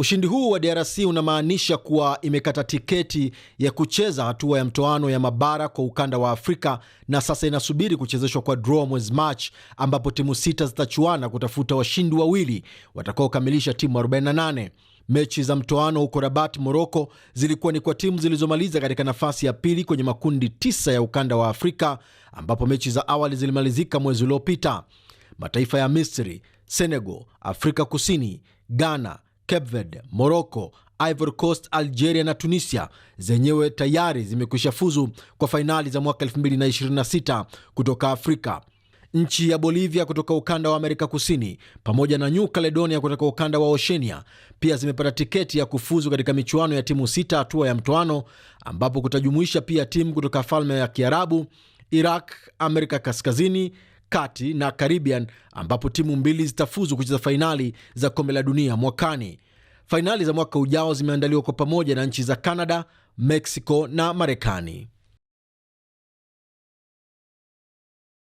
Ushindi huu wa DRC unamaanisha kuwa imekata tiketi ya kucheza hatua ya mtoano ya mabara kwa ukanda wa Afrika na sasa inasubiri kuchezeshwa kwa draw mwezi mach ambapo timu sita zitachuana kutafuta washindi wawili watakaokamilisha timu 48. Mechi za mtoano huko Rabat, Moroko, zilikuwa ni kwa timu zilizomaliza katika nafasi ya pili kwenye makundi tisa ya ukanda wa Afrika, ambapo mechi za awali zilimalizika mwezi uliopita. Mataifa ya Misri, Senegal, Afrika Kusini, Ghana, Cape Verde, Morocco, Ivory Coast, Algeria na Tunisia zenyewe tayari zimekwisha fuzu kwa fainali za mwaka 2026 kutoka Afrika. Nchi ya Bolivia kutoka ukanda wa Amerika Kusini pamoja na New Caledonia kutoka ukanda wa Oceania pia zimepata tiketi ya kufuzu katika michuano ya timu sita hatua ya mtoano, ambapo kutajumuisha pia timu kutoka falme ya Kiarabu, Iraq, Amerika Kaskazini, kati na Caribbean, ambapo timu mbili zitafuzu kucheza fainali za kombe la dunia mwakani. Fainali za mwaka ujao zimeandaliwa kwa pamoja na nchi za Canada, Mexico na Marekani.